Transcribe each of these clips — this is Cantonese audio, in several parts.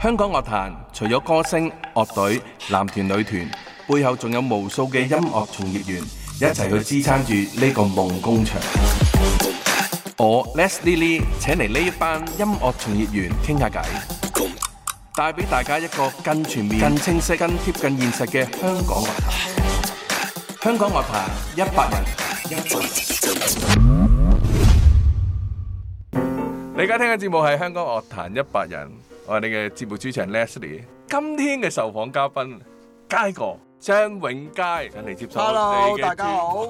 香港樂壇除咗歌星、樂隊、男團、女團，背後仲有無數嘅音樂從業員一齊去支撐住呢個夢工場。我 Leslie 請嚟呢一班音樂從業員傾下偈，帶俾大家一個更全面、更清晰、更貼近現實嘅香港樂壇。香港樂壇一百人。你而家聽嘅節目係香港樂壇一百人。我哋嘅節目主持人 Leslie，今天嘅受訪嘉賓佳哥張永佳緊嚟接受。Hello，大家好。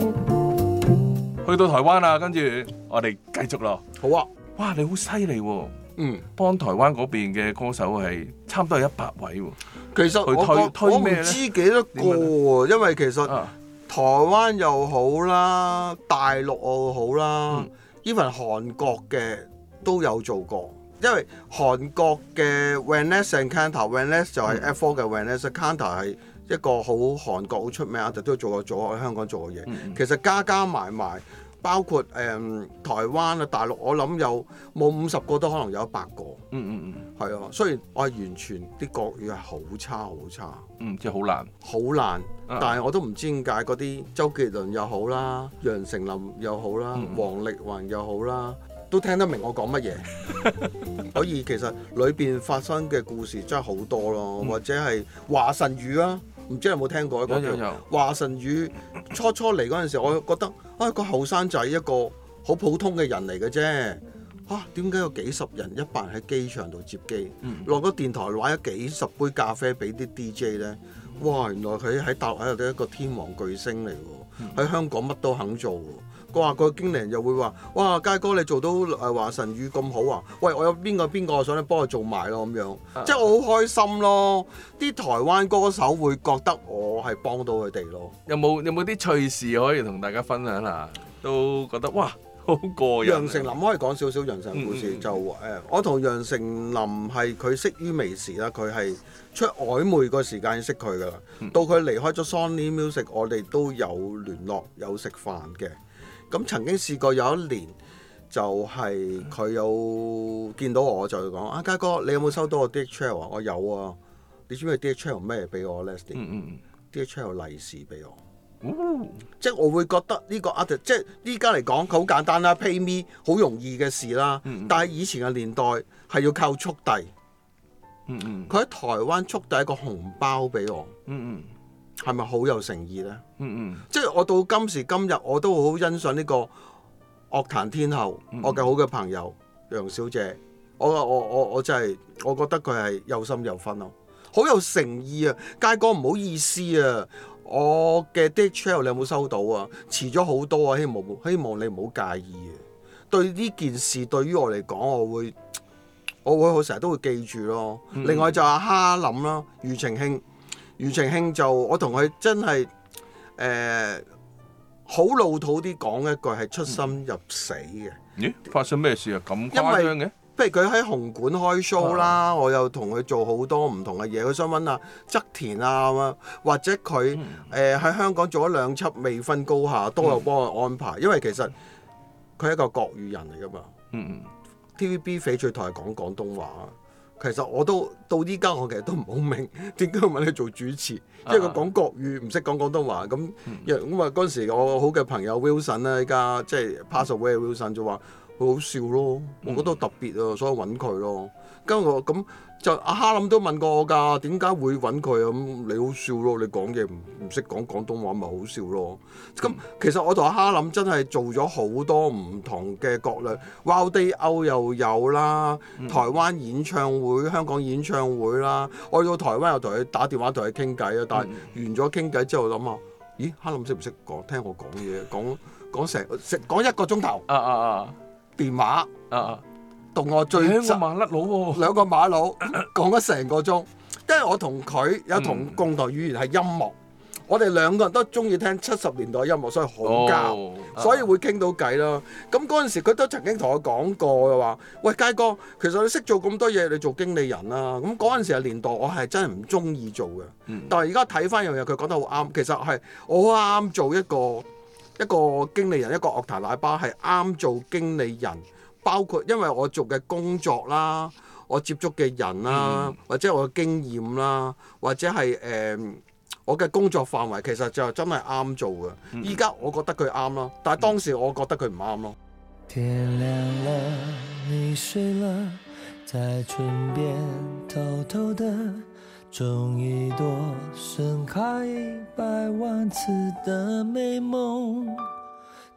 去到台灣啦，跟住我哋繼續咯。好啊，哇！你好犀利喎，嗯，幫台灣嗰邊嘅歌手係差唔多係一百位喎。其實我推我唔知幾多個，因為其實台灣又好啦，大陸又好啦，even、嗯、韓國嘅都有做過。因為韓國嘅 Vanness and Kangta Vanness 就係 F4 嘅 Vanness、嗯、Kangta 係一個好韓國好出名，我就都做過做喺香港做嘅嘢。嗯、其實加加埋埋，包括誒、嗯、台灣啊、大陸，我諗有冇五十個都可能有一百個。嗯嗯嗯，係啊。雖然我係完全啲國語係好差好差。嗯，即係好難。好難，嗯、但係我都唔知點解嗰啲周杰倫又好啦，楊丞琳又好啦，王力宏又好啦。嗯都聽得明我講乜嘢， 所以其實裏邊發生嘅故事真係好多咯，嗯、或者係華晨宇啦，唔知你有冇聽過一個？有有有。嗯、華晨宇初初嚟嗰陣時，我覺得啊、哎那個後生仔一個好普通嘅人嚟嘅啫，嚇點解有幾十人一百人喺機場度接機，落咗、嗯、電台擺咗幾十杯咖啡俾啲 DJ 呢。哇，原來佢喺大陸喺度一個天王巨星嚟喎，喺、嗯、香港乜都肯做。我話個經理人又會話：哇，佳哥你做到誒華晨宇咁好啊！喂，我有邊個邊個想你幫我做埋咯咁樣，即係我好開心咯。啲台灣歌手會覺得我係幫到佢哋咯。有冇有冇啲趣事可以同大家分享啊？都覺得哇，好過癮！楊丞琳，可以講少少楊丞故事就誒，我同楊丞琳係佢識於微時啦，佢係出《曖昧》個時間識佢㗎喇。到佢離開咗 Sony Music，我哋都有聯絡有食飯嘅。咁曾經試過有一年，就係、是、佢有見到我就會講啊，佳哥，你有冇收到我啲 share？我有啊，你知唔知啲 share 咩？俾我，l e 啲 share 利是俾我，嗯、即係我會覺得呢、這個即係依家嚟講佢好簡單啦、啊，pay me 好容易嘅事啦，嗯嗯、但係以前嘅年代係要靠速遞，佢喺、嗯嗯、台灣速遞一個紅包俾我，嗯嗯嗯係咪好有誠意呢？嗯嗯、mm，hmm. 即係我到今時今日，我都好欣賞呢個樂壇天后，mm hmm. 我嘅好嘅朋友楊小姐，我我我我，我真係，我覺得佢係有心有分咯、啊，好有誠意啊！佳哥唔好意思啊，我嘅 detail 你有冇收到啊？遲咗好多啊，希望希望你唔好介意啊。對呢件事對於我嚟講，我會我會好成日都會記住咯。Mm hmm. 另外就阿哈林啦，庾澄慶。余承興就我同佢真係誒好老土啲講一句係出心入死嘅。咦、嗯欸？發生咩事啊？咁誇張嘅？不如佢喺紅館開 show 啦、嗯，我又同佢做好多唔同嘅嘢。佢想問下側田啊咁啊，或者佢誒喺香港做咗兩輯未分高下，都有幫佢安排。嗯、因為其實佢係一個國語人嚟㗎嘛。嗯 TVB 翡翠台係講廣東話。其實我都到依家，我其實都唔好明點解問你做主持，因為佢講國語唔識、uh huh. 講廣東話咁。咁啊嗰陣時，我的好嘅朋友 Wilson 咧，依家即係 pass away Wilson 就話好好笑咯，我覺得好特別啊，所以搵佢咯。跟住我咁。就阿哈林都問過我㗎，點解會揾佢？咁你好笑咯，你講嘢唔唔識講廣東話咪好笑咯。咁、嗯、其實我同阿哈林真係做咗好多唔同嘅角類、嗯、，Wild Day Out 又有啦，嗯、台灣演唱會、香港演唱會啦。我去到台灣又同佢打電話同佢傾偈啊，但係完咗傾偈之後諗下，咦？哈林識唔識講？聽我講嘢，講講成成講一個鐘頭、啊。啊啊啊！電話。啊啊。啊同我最深兩甩佬喎，欸那個啊、兩個馬佬 講咗成個鐘，因為我同佢有同共同語言係音樂，嗯、我哋兩個人都中意聽七十年代音樂，所以好交，哦、所以會傾到偈咯。咁嗰陣時佢都曾經同我講過話，喂，佳哥，其實你識做咁多嘢，你做經理人啦、啊。咁嗰陣時嘅年代我係真係唔中意做嘅，嗯、但係而家睇返一樣嘢，佢講得好啱。其實係我啱做一個一個經理人，一個樂壇奶爸係啱做經理人。包括因為我做嘅工作啦，我接觸嘅人啦、嗯、啦，或者、呃、我嘅經驗啦，或者係誒我嘅工作範圍，其實就真係啱做嘅。依家、嗯、我覺得佢啱咯，嗯、但係當時我覺得佢唔啱咯。天亮喇，你睡喇，在唇邊偷偷的種一朵盛開百萬次嘅美夢。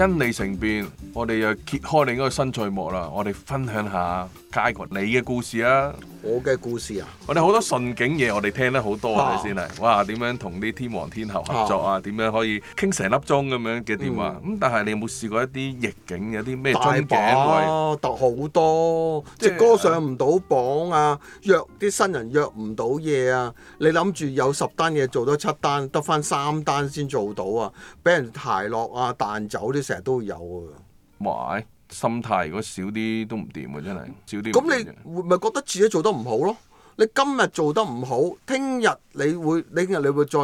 因你成變，我哋又揭開你嗰個新序幕啦！我哋分享下佳哥你嘅故事啊，我嘅故事啊，我哋好多順景嘢，我哋聽得好多啊！先係哇，點樣同啲天王天后合作啊？點樣可以傾成粒鐘咁樣嘅電話？咁但係你有冇試過一啲逆境有啲咩？大把，特好多，即係歌上唔到榜啊，約啲新人約唔到嘢啊，你諗住有十單嘢做多七單，得翻三單先做到啊，俾人抬落啊，彈走啲。成日都有㗎，哇！心態如果少啲都唔掂啊，真係少啲、啊。咁你咪覺得自己做得唔好咯？你今日做得唔好，聽日你會，你聽日你會再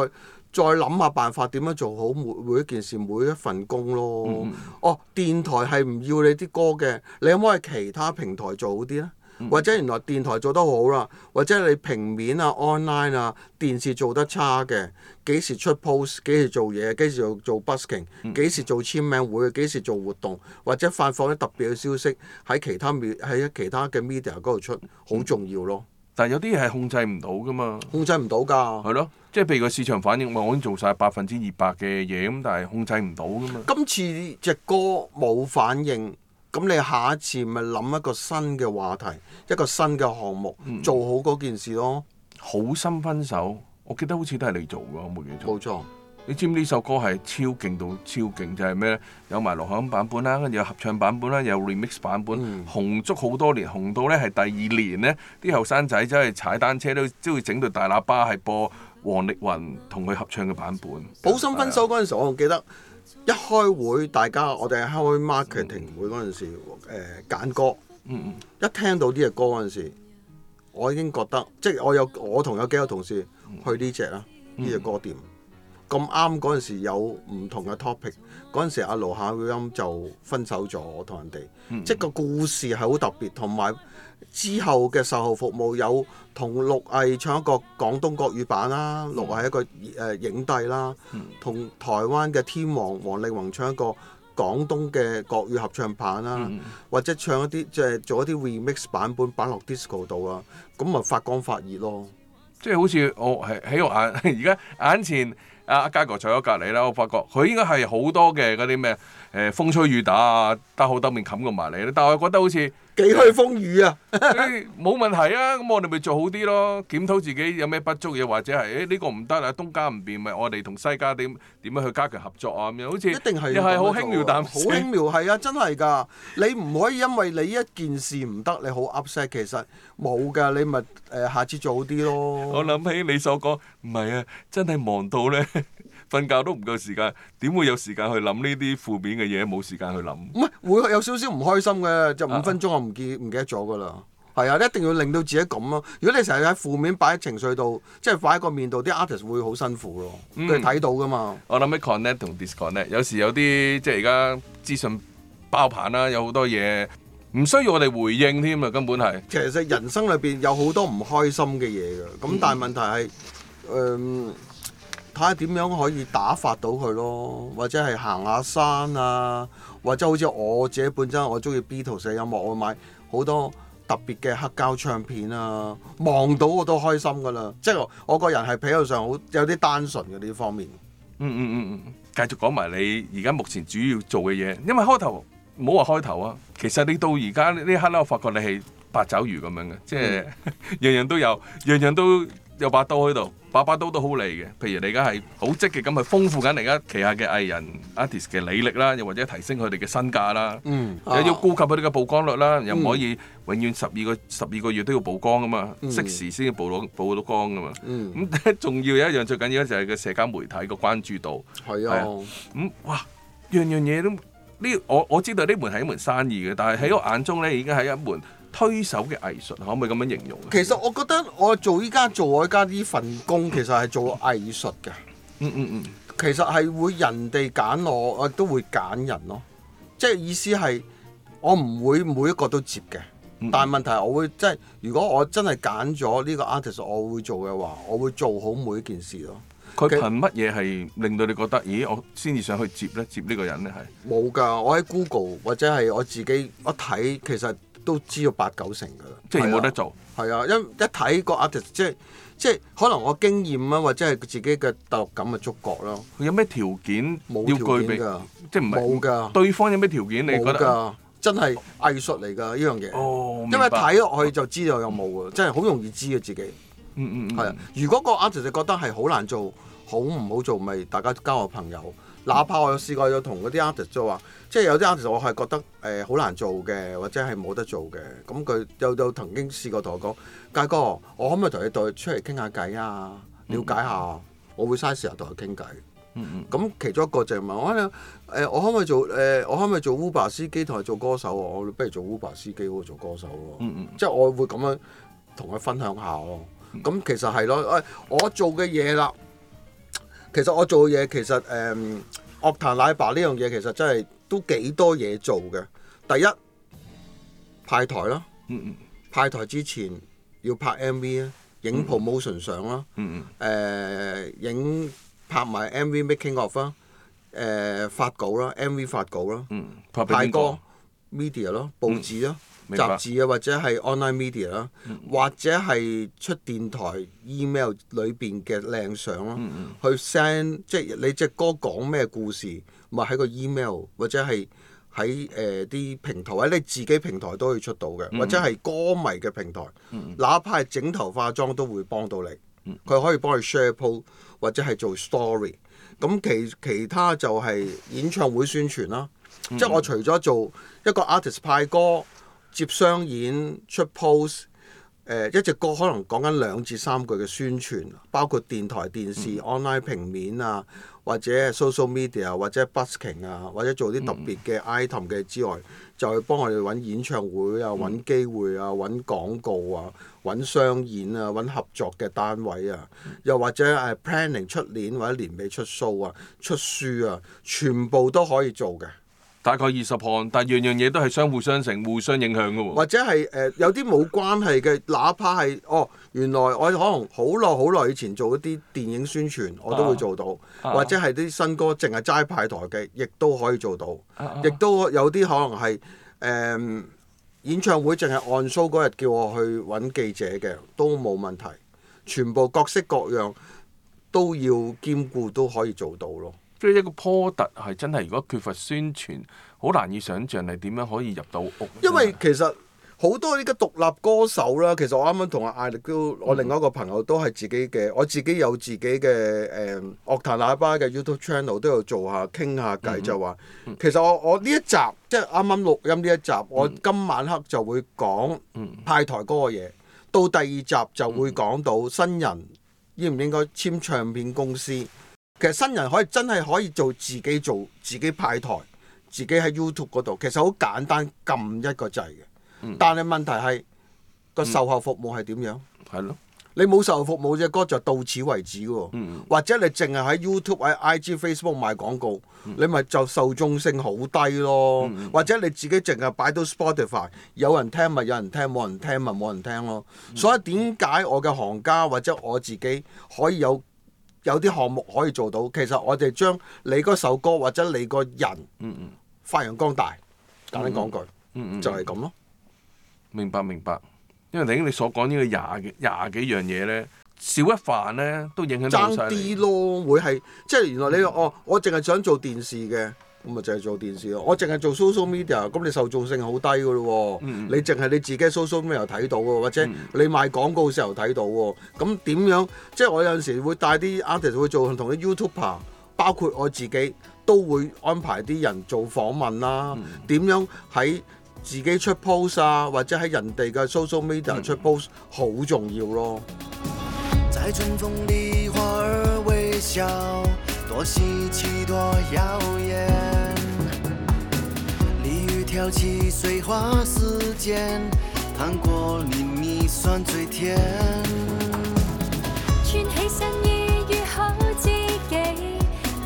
再諗下辦法點樣做好每每一件事、每一份工咯。嗯、哼哦，電台係唔要你啲歌嘅，你有冇可以其他平台做好啲咧？或者原來電台做得好啦，或者你平面啊、online 啊、電視做得差嘅，幾時出 post？幾時做嘢？幾時做做 busking？幾時做簽名會？幾時做活動？或者發放啲特別嘅消息喺其他 media 喺其他嘅 media 嗰度出，好重要咯。嗯、但係有啲嘢係控制唔到噶嘛。控制唔到㗎。係咯，即係譬如個市場反應，我已經做晒百分之二百嘅嘢，咁但係控制唔到㗎嘛。今次隻歌冇反應。咁你下一次咪諗一個新嘅話題，一個新嘅項目，嗯、做好嗰件事咯。好心分手，我記得好似都係你做嘅，我冇記錯。冇錯。你知唔知呢首歌係超勁到超勁？就係、是、咩有埋盧巧音版本啦，跟住有合唱版本啦，有 remix 版本，版本嗯、紅足好多年，紅到呢係第二年呢，啲後生仔真係踩單車都即係整到大喇叭係播王力宏同佢合唱嘅版本。好心分手嗰陣時，我記得。一開會，大家我哋開會 marketing、mm hmm. 會嗰陣時，誒、呃、揀歌，嗯嗯、mm，hmm. 一聽到呢隻歌嗰陣時，我已經覺得，即係我有我同有幾個同事去呢隻啦，呢隻、mm hmm. 歌店，咁啱嗰陣時有唔同嘅 topic，嗰陣時阿、啊、盧巧音就分手咗我同人哋，mm hmm. 即係個故事係好特別，同埋。之後嘅售後服務有同陸毅唱一個廣東國語版啦，陸毅係一個誒影帝啦，同台灣嘅天王王力宏唱一個廣東嘅國語合唱版啦，嗯、或者唱一啲即係做一啲 remix 版本擺落 disco 度啊，咁咪發光發熱咯，即係好似、哦、我係喺我眼而家眼前。啊！佳哥坐咗隔離啦，我發覺佢應該係好多嘅嗰啲咩誒風吹雨打啊，得好兜面冚過埋嚟。但係我覺得好似幾虛風雨啊，冇 問題啊，咁我哋咪做好啲咯，檢討自己有咩不足嘢，或者係呢、欸呢個唔得啊，東家唔掂咪我哋同西家點點樣,樣去加強合作啊咁樣，好似一定係又係好輕描淡,淡，好輕描係啊，真係㗎！ 你唔可以因為你一件事唔得，你好 upset，其實冇㗎，你咪誒下次做好啲咯。 我諗起你所講，唔係啊，真係忙到咧～ 瞓覺都唔夠時間，點會有時間去諗呢啲負面嘅嘢？冇時間去諗。唔係會有少少唔開心嘅，就五分鐘我唔記唔記得咗㗎啦。係啊，一定要令到自己咁咯。如果你成日喺負面擺喺情緒度，即係擺喺個面度，啲 artist 會好辛苦咯。佢睇、嗯、到㗎嘛。我諗 connect 同 disconnect 有時有啲即係而家資訊爆棚啦，有好多嘢唔需要我哋回應添啊，根本係。其實人生裏邊有好多唔開心嘅嘢㗎，咁但係問題係誒。嗯嗯睇下點樣可以打發到佢咯，或者係行下山啊，或者好似我自己本身，我中意 Beatles 音樂，我買好多特別嘅黑膠唱片啊，望到我都開心噶啦。即係我個人係比較上好有啲單純嘅呢方面。嗯嗯嗯嗯，繼、嗯嗯、續講埋你而家目前主要做嘅嘢，因為開頭唔好話開頭啊，其實你到而家呢刻咧，我發覺你係八爪魚咁樣嘅，即係樣、嗯、 樣都有，樣樣都有把刀喺度。把把刀都好利嘅，譬如你而家係好積極咁去豐富緊你而家旗下嘅藝人 artist 嘅履歷啦，又 或者提升佢哋嘅身價啦，又、嗯啊、要顧及佢哋嘅曝光率啦，嗯、又唔可以永遠十二個十二個月都要曝光噶嘛，嗯、適時先要曝到曝到光噶嘛。咁仲要有一樣最緊要就係個社交媒體個關注度。係啊，咁、啊嗯、哇樣樣嘢都呢，我我知道呢門係一門生意嘅，但係喺我眼中咧，已經係一門。推手嘅藝術可唔可以咁樣形容？其實我覺得我做依家做我依家呢份工，其實係做藝術嘅。嗯嗯嗯， 其實係會人哋揀我，我都會揀人咯。即係意思係我唔會每一個都接嘅。 但係問題我會即係如果我真係揀咗呢個 artist，我會做嘅話，我會做好每一件事咯。佢憑乜嘢係令到你覺得？咦，我先至想去接咧，接呢個人咧係冇㗎。我喺 Google 或者係我自己一睇，其實。都知道八九成噶啦。即係冇得做。係啊，因一睇個 artist，即係即係可能我經驗啊，或者係自己嘅第六感嘅、就是，觸覺咯。佢有咩條件？冇要具備㗎，即係唔係冇㗎。對方有咩條件？你覺得真係藝術嚟㗎呢樣嘢？哦、因為睇落去就知道有冇㗎，真係好容易知嘅自己。嗯嗯嗯、係、嗯、啊、嗯。如果個 artist 覺得係好難做，好唔好做？咪、就是，大家交下朋友。哪怕我有試過有同嗰啲 artist 即係話，即係有啲 artist 我係覺得誒好、呃、難做嘅，或者係冇得做嘅。咁佢又有曾經試過同我講，佳哥，我可唔可以同你度出嚟傾下偈啊？了解下，嗯嗯我會嘥時間同佢傾偈。咁、嗯嗯、其中一個就問我：誒、哎，我可唔可以做誒、呃？我可唔可以做 Uber 司機同佢做歌手、啊、我不如做 Uber 司機好、啊、過做歌手咯、啊。嗯嗯即係我會咁樣同佢分享下咯、啊。咁其實係咯、哎，我做嘅嘢啦。其實我做嘢其實誒樂壇奶爸呢樣嘢其實真係都幾多嘢做嘅。第一派台咯，嗯、派台之前要拍 MV 啊，影 promotion 相咯，嗯影、呃、拍埋 MV making of 啦，誒發稿啦，MV 發稿啦，嗯，派，派歌 media 咯，報紙咯。嗯雜誌啊，或者係 online media 啦，或者係出電台 email 裏邊嘅靚相咯，去 send 即係你隻歌講咩故事，咪喺個 email 或者係喺誒啲平台，或者你自己平台都可以出到嘅，或者係歌迷嘅平台，哪怕係整頭化妝都會幫到你，佢可以幫你 share post，或者係做 story。咁其其他就係演唱會宣傳啦，即係我除咗做一個 artist 派歌。接商演、出 post，誒、呃、一隻歌可能講緊兩至三句嘅宣傳，包括電台、電視、嗯、online 平面啊，或者 social media 或者 busking 啊，或者做啲特別嘅 item 嘅之外，嗯、就去幫我哋揾演唱會啊、揾、嗯、機會啊、揾廣告啊、揾商演啊、揾合作嘅單位啊，嗯、又或者誒 planning 出年或者年尾出 show 啊、出書啊，全部都可以做嘅。大概二十項，但係樣樣嘢都係相互相成、互相影響嘅喎。或者係誒、呃、有啲冇關係嘅，哪怕係哦，原來我可能好耐好耐以前做一啲電影宣傳，我都會做到；啊啊、或者係啲新歌淨係齋派台嘅，亦都可以做到。亦、啊啊、都有啲可能係誒、呃、演唱會淨係 on show 嗰日叫我去揾記者嘅，都冇問題。全部各式各樣都要兼顧，都可以做到咯。即係一個 product 係真係，如果缺乏宣傳，好難以想像係點樣可以入到屋。因為其實好多呢個獨立歌手啦，其實我啱啱同阿艾力哥，我另外一個朋友都係自己嘅，我自己有自己嘅誒、呃、樂壇奶爸嘅 YouTube channel，都有做下傾下偈，就話其實我我呢一集即係啱啱錄音呢一集，剛剛一集嗯、我今晚黑就會講派台嗰個嘢，到第二集就會講到新人應唔應該簽唱片公司。其實新人可以真係可以做自己做自己派台，自己喺 YouTube 嗰度，其實好簡單，撳一個掣嘅。嗯、但係問題係個售後服務係點樣？係咯、嗯，你冇售後服務隻歌就是、到此為止喎。嗯、或者你淨係喺 YouTube、喺 IG、Facebook 賣廣告，嗯、你咪就受眾性好低咯。嗯、或者你自己淨係擺到 Spotify，有人聽咪有人聽，冇人聽咪冇人,人,人,人聽咯。所以點解我嘅行家或者我自己可以有？有啲項目可以做到，其實我哋將你嗰首歌或者你個人，嗯嗯，發揚光大，簡單、嗯嗯、講句嗯嗯，嗯嗯，就係咁咯。明白明白，因為你啱啱你所講呢個廿廿幾樣嘢咧，少一飯咧都影響到曬，爭啲咯，會係即係原來你、嗯、哦，我淨係想做電視嘅。咁咪淨係做電視咯，我淨係做 social media，咁你受眾性好低噶咯喎，mm. 你淨係你自己 social media 睇到喎，或者你賣廣告時候睇到喎，咁點樣，樣？即係我有陣時會帶啲 artist 去做同啲 YouTuber，包括我自己都會安排啲人做訪問啦，點、mm. 樣喺自己出 post 啊，或者喺人哋嘅 social media 出 post，好、mm. 重要咯。 飄起水花絲巾，糖果淋你酸最甜。穿起新衣遇好知己，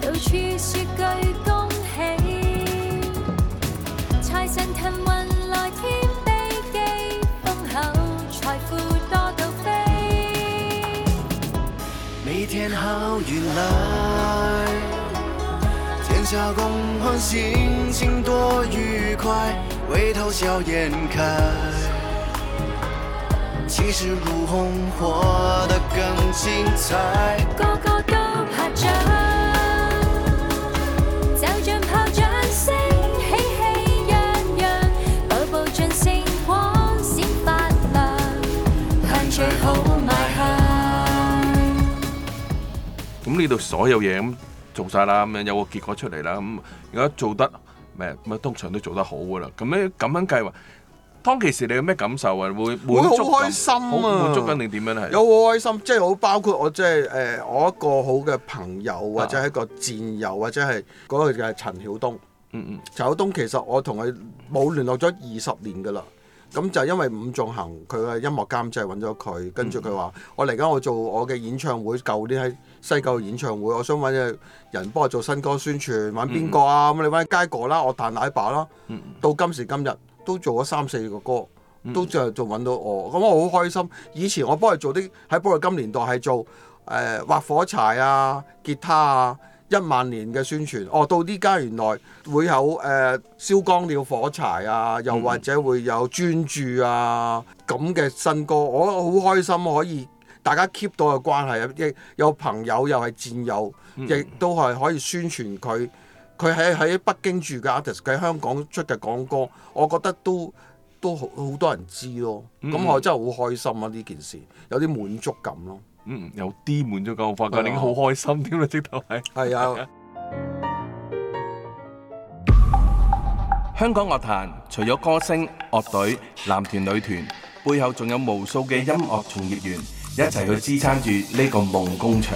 到處說句恭喜。財神騰雲來添飛機，豐厚財富多到飛。每天好運來。心情多愉快。回頭笑顏開，其實不紅活得更精彩。個個都拍掌，就像炮仗聲，喜氣洋洋，步步盡星光閃發亮，但最好賣相。咁呢度所有嘢做晒啦，咁樣有個結果出嚟啦，咁而家做得咩咩通常都做得好噶啦，咁咧咁樣計話，當其時你有咩感受啊？會會好開心啊！好滿足緊定點樣咧？有好開心，即係好包括我即係誒我一個好嘅朋友或者一個戰友或者係嗰個就係陳曉東，嗯嗯，陳曉東其實我同佢冇聯絡咗二十年噶啦。咁就因為伍仲衡，佢嘅音樂監製揾咗佢，跟住佢話：mm hmm. 我嚟緊我做我嘅演唱會，舊年喺西九演唱會，我想揾人幫我做新歌宣傳，揾邊個啊？咁、mm hmm. 你揾佳哥啦，我彈奶爸啦。Mm hmm. 到今時今日都做咗三四個歌，都就仲揾到我，咁我好開心。以前我幫佢做啲喺寶麗金年代係做誒畫、呃、火柴啊、吉他啊。一萬年嘅宣傳哦，到呢家原來會有誒、呃、燒光了火柴啊，又或者會有專注啊咁嘅新歌，我好開心可以大家 keep 到嘅關係，亦有朋友又係戰友，亦、嗯、都係可以宣傳佢。佢喺喺北京住嘅 artist，佢喺香港出嘅廣歌，我覺得都都好多人知咯。咁、嗯、我真係好開心啊！呢件事有啲滿足感咯。嗯，有啲滿足感，我發覺你已經好開心添啦！係，知道未？係啊，係！ 香港樂壇除咗歌星、樂隊、男團、女團，背後仲有無數嘅音樂從業員一齊去支撐住呢個夢工場。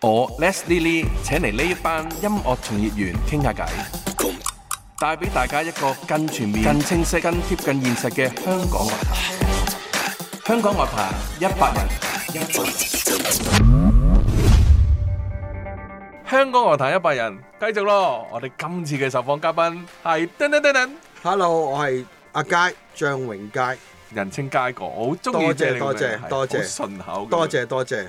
我 Leslie 請嚟呢一班音樂從業員傾下偈，帶俾大家一個更全面、更清晰、更貼近現實嘅香港樂壇。香港樂壇一百人，香港樂壇一百人，繼續咯！我哋今次嘅受訪嘉賓係等等等等，Hello，我係阿佳張永佳，人稱佳哥，我好中意你，多謝多謝多謝，順口，多謝多謝。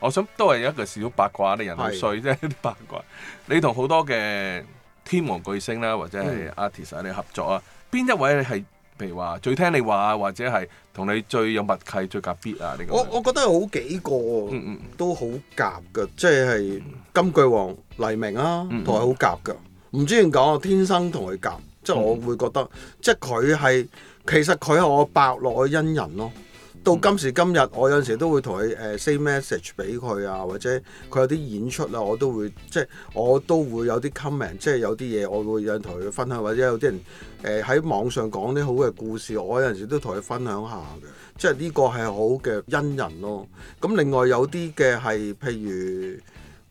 我想都係一個小八卦，啲人好衰啫，啲八卦。你同好多嘅天王巨星咧，或者係 artist 啊，你合作啊，邊一位你係？譬如話最聽你話啊，或者係同你最有默契、最夾 fit 啊，呢個我我覺得有好幾個，都好夾嘅，嗯嗯、即係金句王黎明啊，同佢、嗯、好夾嘅。唔知點講，我天生同佢夾，嗯、即係我會覺得，即係佢係其實佢係我伯樂嘅恩人咯、啊。到今時今日，我有陣時都會同佢誒 say message 俾佢啊，或者佢有啲演出啊，我都會，即係我都會有啲 comment，即係有啲嘢我會有人同佢分享，或者有啲人誒喺、呃、網上講啲好嘅故事，我有陣時都同佢分享下嘅，即係呢個係好嘅恩人咯。咁另外有啲嘅係譬如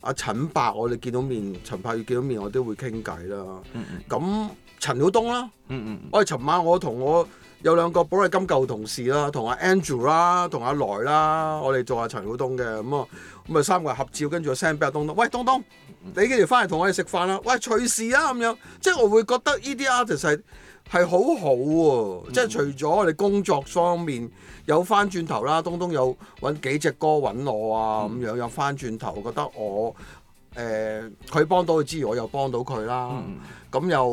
阿陳伯，我哋見到面，陳柏宇見到面，我都會傾偈啦。咁陳曉東啦。嗯嗯。我尋、嗯嗯、晚我同我。有兩個寶麗金舊同事啦，同阿 Andrew 啦，同阿來啦，我哋做阿陳曉東嘅咁啊，咁啊三個人合照，跟住我 send 俾阿東東，喂，東東，嗯、你幾時翻嚟同我哋食飯啦？喂，隨時啦、啊、咁樣，即係我會覺得呢啲 artist 係好好、啊、喎，嗯、即係除咗我哋工作方面有翻轉頭啦，東東有揾幾隻歌揾我啊咁樣，有翻轉頭覺得我誒佢、呃、幫到佢之餘，我又幫到佢啦，咁、嗯、又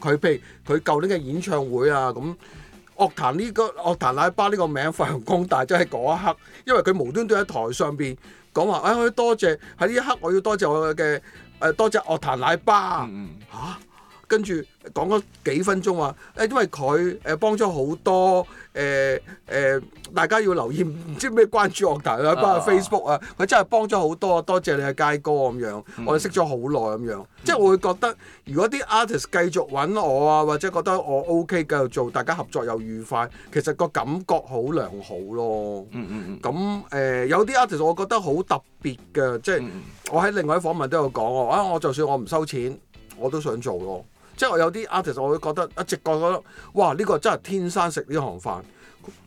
佢譬如佢舊年嘅演唱會啊咁。樂壇呢、呢個樂壇奶爸呢個名發揚光大，真係嗰一刻，因為佢無端端喺台上邊講話，哎，我要多謝喺呢一刻，我要多謝我嘅誒多、呃、多謝樂壇奶爸，嚇、啊，跟住講咗幾分鐘話，誒、哎，因為佢誒幫咗好多。誒誒、呃呃，大家要留意，唔 知咩關注樂壇啦，幫下 Facebook 啊，佢、 啊、真係幫咗好多，多謝你阿佳哥咁樣，我哋識咗好耐咁樣，即係我會覺得，如果啲 artist 繼續揾我啊，或者覺得我 OK 繼續做，大家合作又愉快，其實個感覺好良好咯。咁誒、 呃，有啲 artist 我覺得好特別嘅，即係我喺另外啲訪問都有講，啊我就算我唔收錢，我都想做咯。即係我有啲 artist，我會覺得一直覺得哇！呢個真係天生食呢行飯，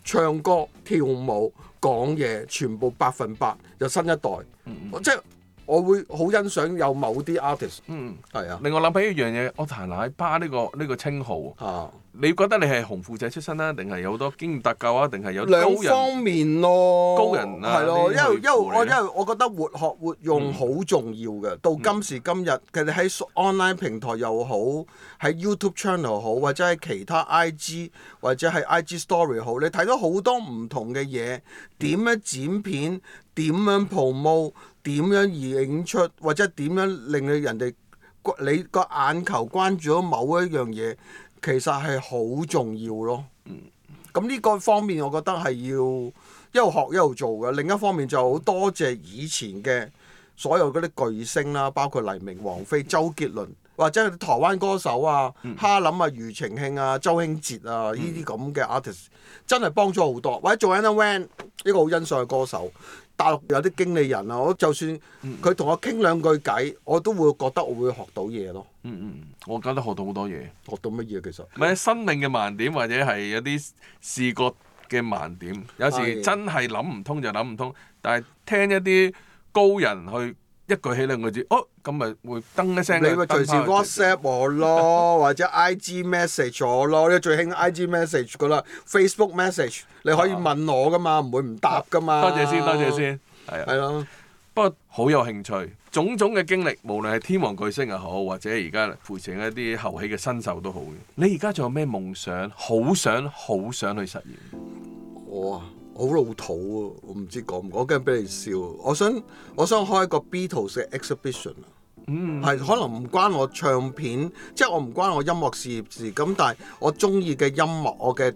唱歌跳舞講嘢，全部百分百就新一代。嗯、即係我會好欣賞有某啲 artist。嗯嗯，係啊。另外，諗起一樣嘢，樂壇奶爸呢個呢個稱號啊。你覺得你係紅褲仔出身啦、啊，定係有好多經驗特夠啊，定係有兩方面咯，高人啊，因為因為我因為我覺得活學活用好重要嘅。嗯、到今時今日，佢哋喺 online 平台又好，喺 YouTube channel 又好，或者喺其他 I G 或者係 I G Story 好，你睇到好多唔同嘅嘢，點樣剪片，點、嗯、樣 promote，點樣演出，或者點樣令人你人哋你個眼球關注咗某一樣嘢。其實係好重要咯。咁呢個方面，我覺得係要一路學一路做嘅。另一方面就好多謝以前嘅所有嗰啲巨星啦、啊，包括黎明、王菲、周杰倫，或者係台灣歌手啊，哈林啊、庾澄慶啊、周興哲啊，呢啲咁嘅 artist 真係幫咗好多。或者做緊 Ivana Wong 呢個好欣賞嘅歌手。大陸有啲經理人啊，我就算佢同我傾兩句偈，我都會覺得我會學到嘢咯、嗯。嗯嗯我覺得都學到好多嘢。學到乜嘢其實？唔係生命嘅盲點，或者係有啲視覺嘅盲點。有時真係諗唔通就諗唔通，的但係聽一啲高人去。一句起兩個字，哦，咁咪會噔一聲。你咪隨時 WhatsApp 我咯， 或者 IG message 我咯，呢個最興 IG message 噶啦，Facebook message 你可以問我噶嘛，唔、啊、會唔答噶嘛。多謝先，多謝先，係啊。係咯、啊，不過好有興趣。種種嘅經歷，無論係天王巨星又好，或者而家扶持一啲後起嘅新秀都好嘅。你而家仲有咩夢想，好想好想去實現。我、啊。好老土啊，我唔知講唔講，驚俾你笑。我想我想開一個 Beatles 嘅 exhibition 啊、mm hmm.，係可能唔關我唱片，即係我唔關我音樂事業事咁，但係我中意嘅音樂，我嘅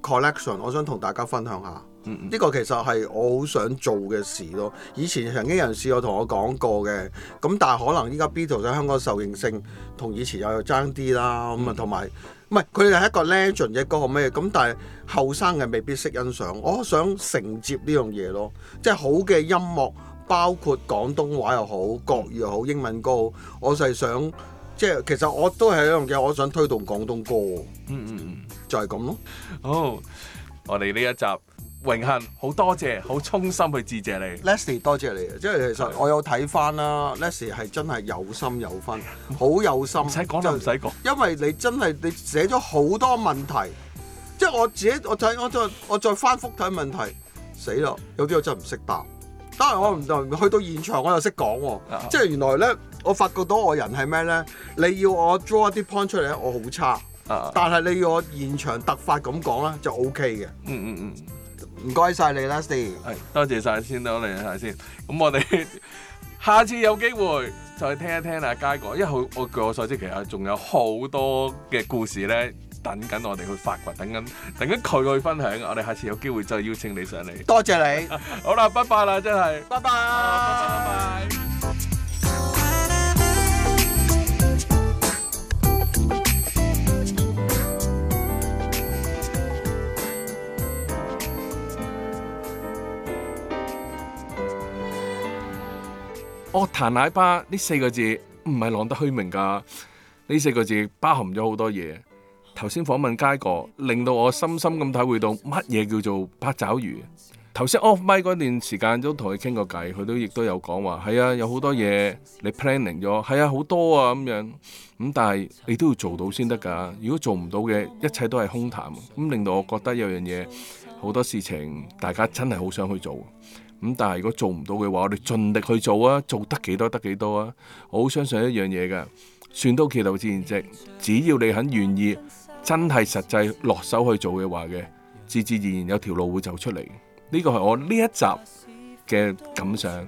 collection，我想同大家分享下。呢、嗯嗯、個其實係我好想做嘅事咯。以前曾經有人試過同我講過嘅，咁但係可能依家 Beatles 喺香港受應性同以前又爭啲啦。咁啊，同埋唔係佢哋係一個 legend 嘅歌，咩咁？但係後生嘅未必識欣賞。我想承接呢樣嘢咯，即係好嘅音樂，包括廣東話又好，國語又好，英文歌，我就係想即係其實我都係一樣嘢。我想推動廣東歌。嗯嗯，就係咁咯。好，我哋呢一集。榮幸好多謝，謝好衷心去致謝你。Leslie，多謝你。即係其實我有睇翻啦，Leslie 係真係有心有分，好 有心。唔使講就唔使講，因為你真係你寫咗好多問題，即係我自己我再我再我再翻覆睇問題，死咯，有啲我真係唔識答。當然我唔同去到現場我又識講喎，uh huh. 即係原來咧我發覺到我人係咩咧？你要我 draw 一啲 point 出嚟咧，我好差，uh huh. 但係你要我現場突發咁講咧就 OK 嘅。嗯嗯嗯。 唔該曬你啦，Steve。係，多謝曬先啦，你係先。咁我哋下次有機會再聽一聽阿佳哥，因為我據我所知，其實仲有好多嘅故事咧，等緊我哋去發掘，等緊等緊佢去分享。我哋下次有機會再邀請你上嚟。多謝你。好啦，拜拜啦，真係。拜拜。拜拜。樂壇奶爸呢四個字唔係浪得虛名㗎，呢四個字包含咗好多嘢。頭先訪問佳哥，令到我深深咁體會到乜嘢叫做八爪魚。頭先 off mic 嗰段時間都同佢傾過偈，佢都亦都有講話，係啊，有好多嘢你 planning 咗，係啊，好多啊咁樣。咁但係你都要做到先得㗎，如果做唔到嘅，一切都係空談。咁令到我覺得有樣嘢，好多事情大家真係好想去做。咁但係如果做唔到嘅話，我哋盡力去做啊！做得幾多得幾多啊！我好相信一樣嘢㗎，船到橋頭自然直。只要你肯願意，真係實際落手去做嘅話嘅，自自然然有條路會走出嚟。呢個係我呢一集嘅感想，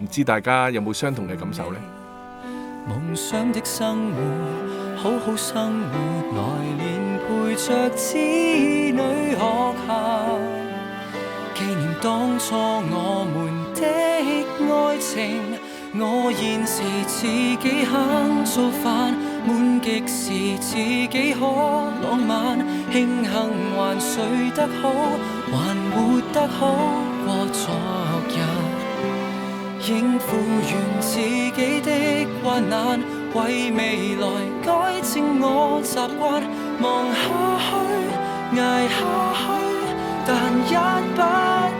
唔知大家有冇相同嘅感受呢？夢想的生活，好好生活，來年陪着子女學下當初我們的愛情，我現時自己肯做飯，滿極時自己可浪漫，慶幸還睡得好，還活得好過昨日，應付完自己的患難，為未來改正我習慣，望下去，捱下去，但一不。